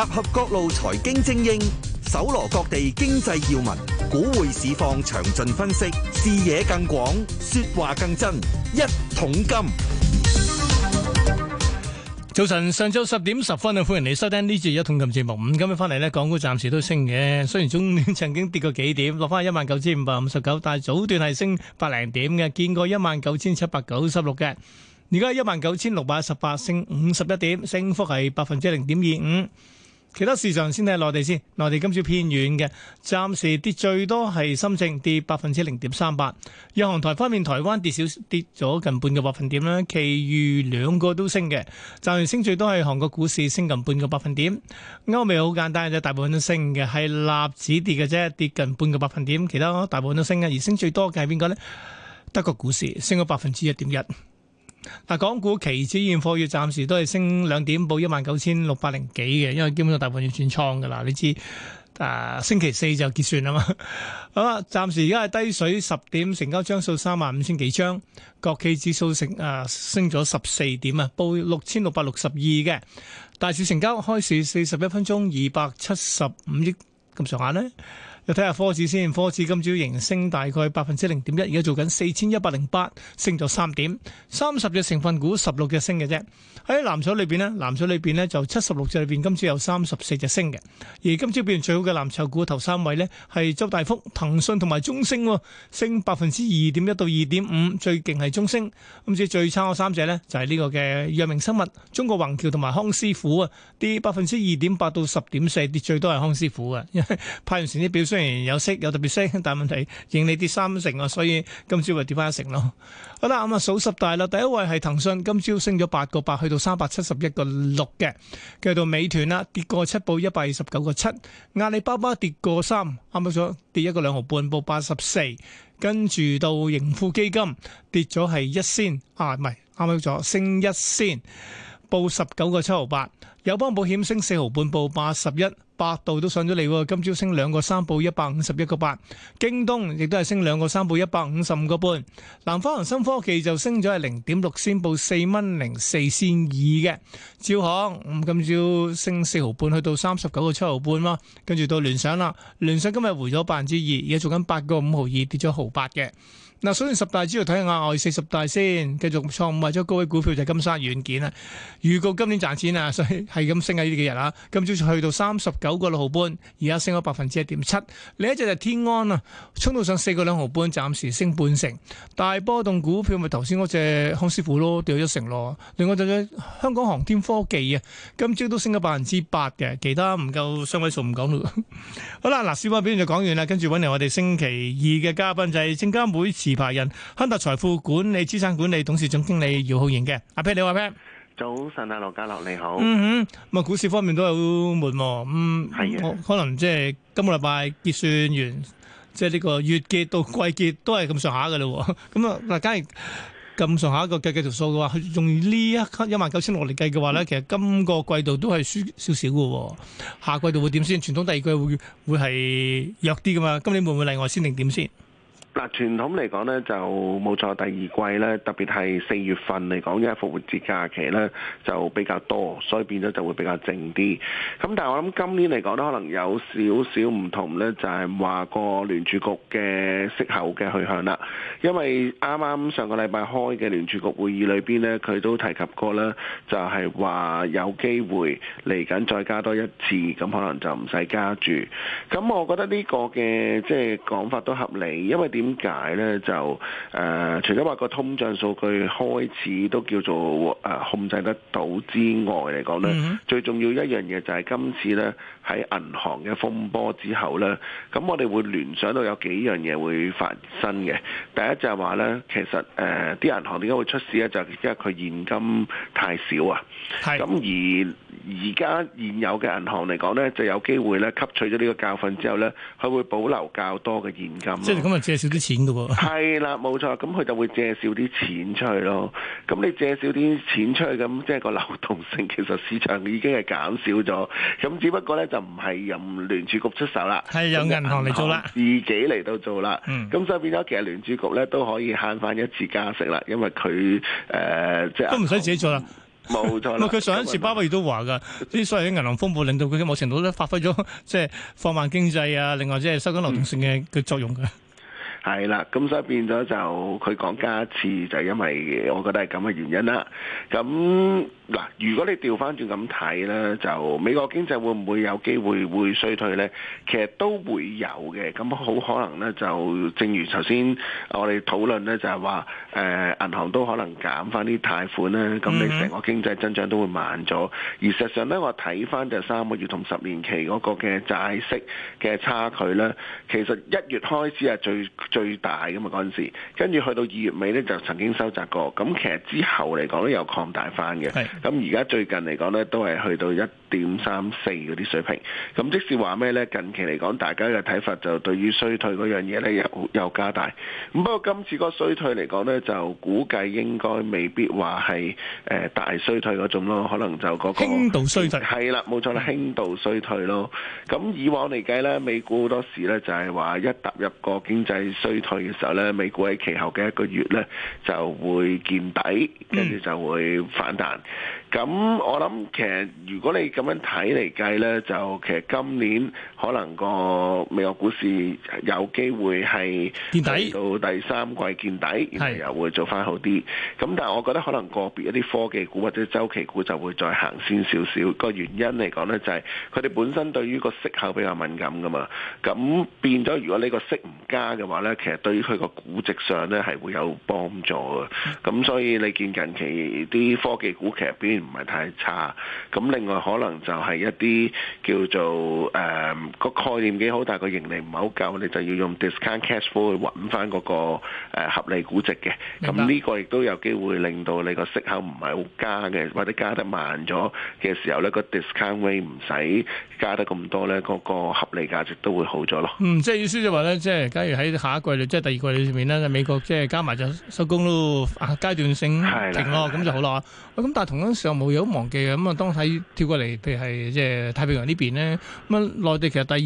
集合各路財經精英，搜羅各地經濟要聞，股匯市況詳盡分析，視野更廣，說話更真。一桶金，早晨，上晝十點十分啊！歡迎你收聽呢節一桶金節目。咁今日翻嚟呢，港股暫時都升嘅，雖然中段曾經跌過幾點，落翻一萬九千五百五十九，但係早段係升百零點嘅，見過一萬九千七百九十六嘅，而家一萬九千六百十八，升五十一點，升幅係百分之零點二五。其他市場先睇內地先，內地今次偏軟嘅，暫時跌最多係深證跌百分之零點三八。若航台方面，台灣跌少跌咗近半個百分點啦。其餘兩個都升嘅，暫時升最多係韓國股市升近半個百分點。歐美好簡單就大部分都升嘅，係納指跌嘅啫，跌近半個百分點。其他大部分都升嘅，而升最多嘅係邊個咧？德國股市升咗百分之一點一。嗱，港股期指現貨月暫時都係升兩點，報一萬九千六百零幾嘅，因為基本上大部分要轉倉噶啦。你知誒、呃，星期四就結算啊嘛。咁啊，暫時而家係低水十點，成交張數三萬五千幾張，國企指數、呃、升誒升咗十四點啊，報六千六百六十二嘅。大市成交開市四十一分鐘二百七十五億咁上下呢。睇下科指先，科指今朝仍升大概百分之零點一，而家做緊四千一百零八，升咗三點。三十隻成分股，十六隻升嘅啫。喺藍籌裏邊咧，藍籌裏邊咧就七十六隻裏邊，今朝有三十四隻升嘅。而今朝表現最好嘅藍籌股頭三位咧，係周大福、騰訊同埋中升，升百分之二點一到二點五，最勁係中升。今朝最差嘅三隻咧，就係呢個嘅藥明生物、中國宏橋同埋康師傅啊，跌百分之二點八到十點四，跌最多係康師傅啊，因為派完錢啲表衰。雖然、嗯、有息有特別升，但係問題盈利跌三成啊，所以今朝咪跌翻一成咯。好啦，咁啊數十大啦，第一位係騰訊，今朝升咗八個八，去到三百七十一個六嘅。繼續到美團啦，跌個七，報一百二十九個七。阿里巴巴跌個三，啱啱咗跌一個兩毫半，報八十四。跟住到盈富基金跌咗係一仙，啊唔係，啱啱咗升一仙，報十九個七毫八。友邦保險升四毫半，報八十一。百度都上咗嚟，今朝升兩個三，報一百五十一個八。京東亦都係升兩個三，報一百五十五個半。南方恒生科技就升咗係零點六仙，報四蚊零四仙二嘅。招行咁今朝升四毫半，去到三十九個七毫半咯。跟住到聯想啦，聯想今日回咗百分之二，而家做緊八個五毫二，跌咗毫八嘅。嗱，所以十大主要睇下外四十大先，繼續創五或者高位股票就係金山軟件啦，預告今年賺錢啊，所以係咁升啊呢幾日啊，今朝去到三十九個六毫半，而家升咗百分之一點七。另一隻就天安啊，衝到上四個兩毫半，暫時升半成。大波動股票咪頭先嗰隻康師傅咯，掉咗成咯。另外就香港航天科技啊，今朝都升咗百分之八嘅，其他唔夠雙位數唔講咯。 好啦，嗱，小波表現就講完啦，跟住揾嚟我哋星期二嘅嘉賓就係、是、加每次持牌人亨達財富管理資產管理董事總經理姚浩然嘅，阿 Pat 你好，阿 Pat 早晨啊，羅家樂你好。嗯哼，咁、嗯、啊、嗯，股市方面都有悶喎。嗯，係、嗯嗯、的可能即係今個禮拜結算完，即係呢個月結到季結都係咁上下嘅咯。咁、嗯、啊、嗱，假如咁上下一個計，計條數嘅話，用呢一一萬九千六嚟計嘅話咧，其實今個季度都係輸少少嘅。下季度會點先？傳統第二季會會係弱啲噶嘛？今年會唔會例外先定點先？嗱，傳統嚟講咧就冇錯，第二季咧，特別係四月份嚟講，因為復活節假期咧就比較多，所以變咗就會比較靜啲。咁但係我諗今年嚟講咧，可能有少少唔同咧，就係話個聯儲局嘅息口嘅去向啦。因為啱啱上個禮拜開嘅聯儲局會議裏邊咧，佢都提及過咧，就係話有機會嚟緊再加多一次，咁可能就唔使加注。咁我覺得呢個嘅即係講法都合理，因為點。點解咧？就誒，除咗話個通脹數據開始都叫做誒控制得到之外嚟講咧，最重要一樣嘢就係今次咧喺銀行嘅風波之後咧，咁我哋會聯想到有幾樣嘢會發生嘅。第一就係話咧，其實誒啲銀行點解會出事咧？就係因為佢現金太少啊。咁是而而家現有嘅銀行嚟講咧，就有機會咧，吸取咗呢個教訓之後咧，佢會保留較多嘅現金。即係咁啊，借少啲錢噶喎。係啦，冇錯，咁佢就會借少啲錢出去咯。咁你借少啲錢出去，咁即係個流動性其實市場已經係減少咗。咁只不過咧就唔係由聯儲局出手啦，係由銀行嚟做啦，自己嚟到做啦。咁、嗯、所以變咗其實聯儲局咧都可以慳翻一次加息啦，因為佢誒即係都唔使自己做啦。冇錯，唔係佢 上一次鮑威爾都話噶，啲 所謂啲銀行風暴令到佢嘅某程度都發揮咗，即係放慢經濟啊，另外即係收緊流動性嘅嘅作用噶。嗯係啦，咁所以變咗就佢講加一次，就因為我覺得係咁嘅原因啦。咁嗱，如果你調翻轉咁睇咧，就美國經濟會唔會有機會會衰退咧？其實都會有嘅。咁好可能咧，就正如頭先我哋討論咧，就係話誒銀行都可能減翻啲貸款咧，咁你成個經濟增長都會慢咗。而事實上咧，我睇翻就三個月同十年期嗰個嘅債息嘅差距咧，其實一月開始係最最大㗎嘛，嗰陣時，跟住去到二月尾呢，就曾經收窄過，咁其實之後嚟講咧又擴大翻嘅。咁而家最近嚟講呢都係去到一點三四嗰啲水平。咁即使話咩呢？近期嚟講大家嘅睇法就對於衰退嗰樣嘢呢，又又加大。咁不過今次個衰退嚟講呢，就估計應該未必話係誒大衰退嗰種咯，可能就嗰個輕度衰退。係啦，冇錯啦，輕度衰退咯。咁以往嚟計呢，美股好多時呢，就係話一踏入個經濟。衰退嘅時候咧，美股喺其後嘅一個月咧就會見底，跟住就會反彈。咁我諗其實如果你咁樣睇嚟計咧，就其實今年可能個美國股市有機會係見底到第三季見底，然後又會做返好啲。咁但係我覺得可能個別一啲科技股或者週期股就會再行先少少。個原因嚟講咧，就係佢哋本身對於個息口比較敏感㗎嘛。咁變咗，如果呢個息唔加嘅話咧，其實對於佢個估值上咧係會有幫助嘅，咁所以你見近期啲科技股其實表現唔係太差，咁另外可能就係一啲叫做誒、嗯嗰個概念幾好，但係個盈利唔係好夠，你就要用 discount cash flow 去揾翻嗰個合理估值嘅。明白。咁呢個亦都有機會令到你個息口唔係好加嘅，或者加得慢咗嘅時候咧，嗰個 discount rate 唔使加得咁多咧，嗰個合理價值都會好咗咯。嗯，即係意思就話咧，即係假如喺下季即係第二季裏面咧，美國即係加埋就收工咯，階、啊、段性停咯，咁就好咯。咁但係同樣時候冇嘢好忘記嘅，咁啊當睇跳過嚟，譬如係即係太平洋呢邊咧，咁內地其實第二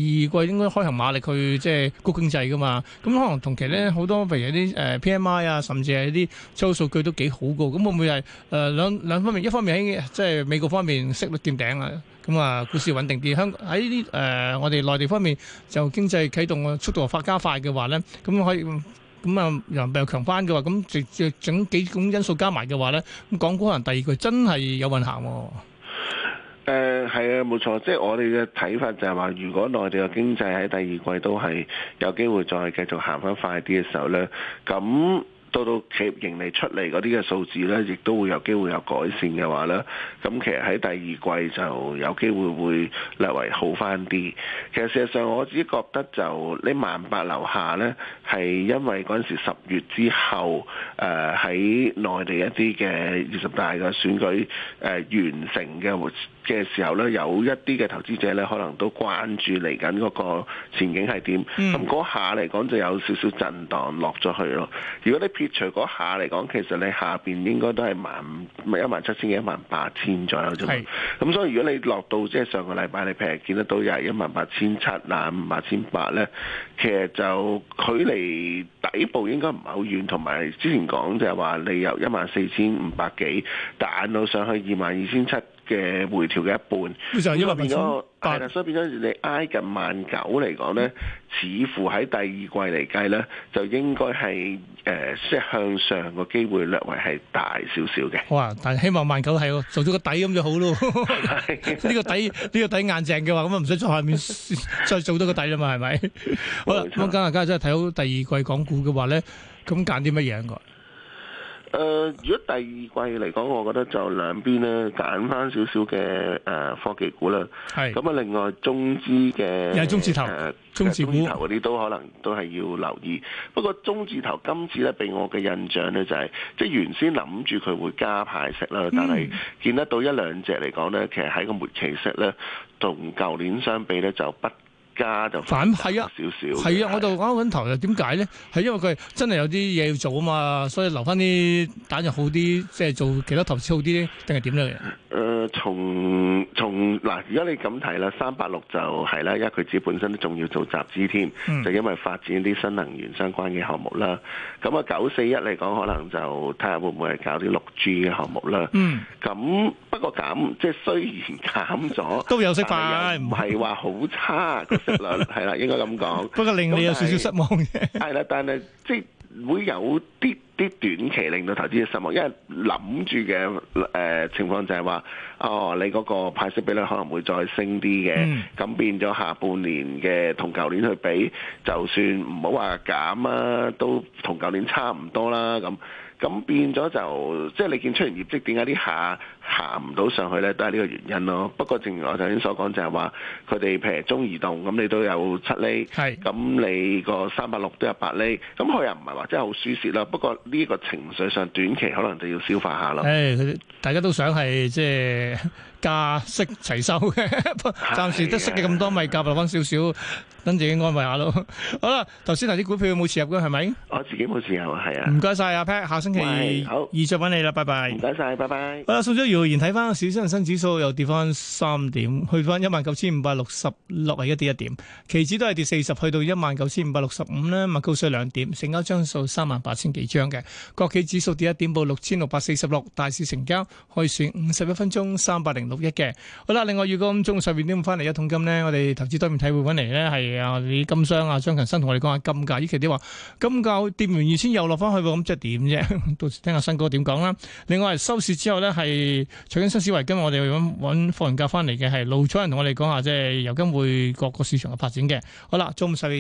季應該開行馬力去即係高經濟噶嘛，咁可能同期咧好多譬如啲誒 PMI 啊，甚至係啲粗數據都幾好噶，咁會唔會係誒兩兩方面？一方面喺即係美國方面息率見頂啊？咁啊，股市穩定啲。香喺呢啲誒，我哋內地方面就經濟啟動嘅速度發加快嘅話咧，咁可以咁啊，又強翻嘅話，咁直接整幾種因素加埋嘅話咧，咁港股可能第二季真係有運行。誒，係啊，冇錯，即係我哋嘅睇法就係話，如果內地嘅經濟喺第二季都係有機會再繼續行翻快啲嘅時候咧，咁。到到企業盈利出嚟嗰啲嘅數字呢，亦都會有機會有改善嘅話呢。咁其實喺第二季就有機會會略為好返啲。其實事實上我自己覺得就呢萬八樓下呢，係因為嗰陣時十月之後，誒、呃、喺內地一啲嘅二十大嘅選舉誒、呃、完成嘅嘅時候呢，有一啲嘅投資者呢，可能都關注嚟緊嗰個前景係點。咁嗰、嗯、下嚟講就有少少震盪落咗去咯。如果你。剔除嗰下嚟講，其實你下邊應該都係萬唔係一萬七千幾、一萬八千左右啫。咁 所以如果你落到即係上個禮拜你平日見得到又係一萬八千七、一萬八千八咧，其實就距離底部應該唔係好遠。同埋之前講就係話你由一萬四千五百幾彈到上去二萬二千七嘅回調嘅一半。就因為變咗。 係啦，所以變咗你挨近萬九嚟講咧，似乎喺第二季嚟計咧，就應該係誒，即係向上個機會略為係大少少嘅。哇！但係希望萬九係做咗個底咁就好咯。呢個底呢個底硬淨嘅話，咁啊唔使再下面再做多個底啦嘛，係咪？好啦，咁今日今日真係睇好第二季港股嘅話咧，咁揀啲乜嘢？誒、呃，如果第二季嚟講，我覺得就兩邊咧揀翻少少嘅誒科技股啦。係是，咁啊，另外中資嘅中字頭、呃、中字股嗰啲都可能都係要留意。不過中字頭今次咧，俾我嘅印象咧就係、是，即係原先諗住佢會加派息啦，但係見得到一兩隻嚟講咧，其實喺個末期息咧，同舊年相比咧就不。啊！就反派啊，少少係啊，我就講緊頭又點解咧？係因為佢真係有啲嘢要做啊嘛，所以留翻啲蛋又好啲，即係做其他投資好啲定係點咧？誒，從從嗱，而家你咁睇啦，三八六就係啦，因為佢自己本身都仲要做集資添，就因為發展啲新能源相關嘅項目啦。咁啊，九四一嚟講可能就睇下會唔會係搞啲六 G 嘅項目啦。嗯，咁不過減即係雖然減咗，都有息返，唔係話好差。係啦， 應該咁講。 不過令你有是少少失望嘅，係 啦，但係即係會有啲啲短期令到投資者失望，因為諗住嘅誒情況就係話，哦，你嗰個派息比率可能會再升啲嘅，咁、嗯、變咗下半年嘅同舊年去比，就算唔好話減啦，都同舊年差唔多啦咁。咁變咗就即係你見出完業績，點解啲下行唔到上去咧？都係呢個原因咯。不過正如我頭先所講，就係，就係話佢哋譬如中移動，咁你都有七厘，咁是你個三百六都有八厘。咁佢又唔係話真係好輸蝕啦。不過呢個情緒上短期可能就要消化下啦。誒、哎，佢大家都想係即係。價息齊收嘅，暫時得息嘅咁多，咪夾落翻少少，等自己安慰下咯。好啦，頭先嗱啲股票有冇持有嘅係咪？我自己冇持有，係啊。唔該晒阿 Pat，下星期好，二再揾你啦，拜拜。唔該晒，拜拜。好啦，數咗謠言，睇翻市升恒生指數又跌翻三點，去翻一萬九千五百六十六，係一跌一點。期指都係跌四十，去到一萬九千五百六十五咧，咪高水兩點。成交張數三萬八千幾張嘅，國企指數跌一點報六千六百四十六，大市成交開選五十一分鐘三百零。六一嘅好啦，另外如果咁中午十二點翻嚟一桶金咧，我哋投資多面體會翻嚟咧係啊李金商啊張勤生同我哋講下金價，以期啲話金價跌完二千又落翻去喎，咁即係點啫？ 到時聽下新哥點講啦。另外收市之後咧係取緊新市維金，今日我哋揾揾放完假翻嚟嘅係老彩人同我哋講下即係油金會各個市場嘅發展嘅。好啦，中午十二。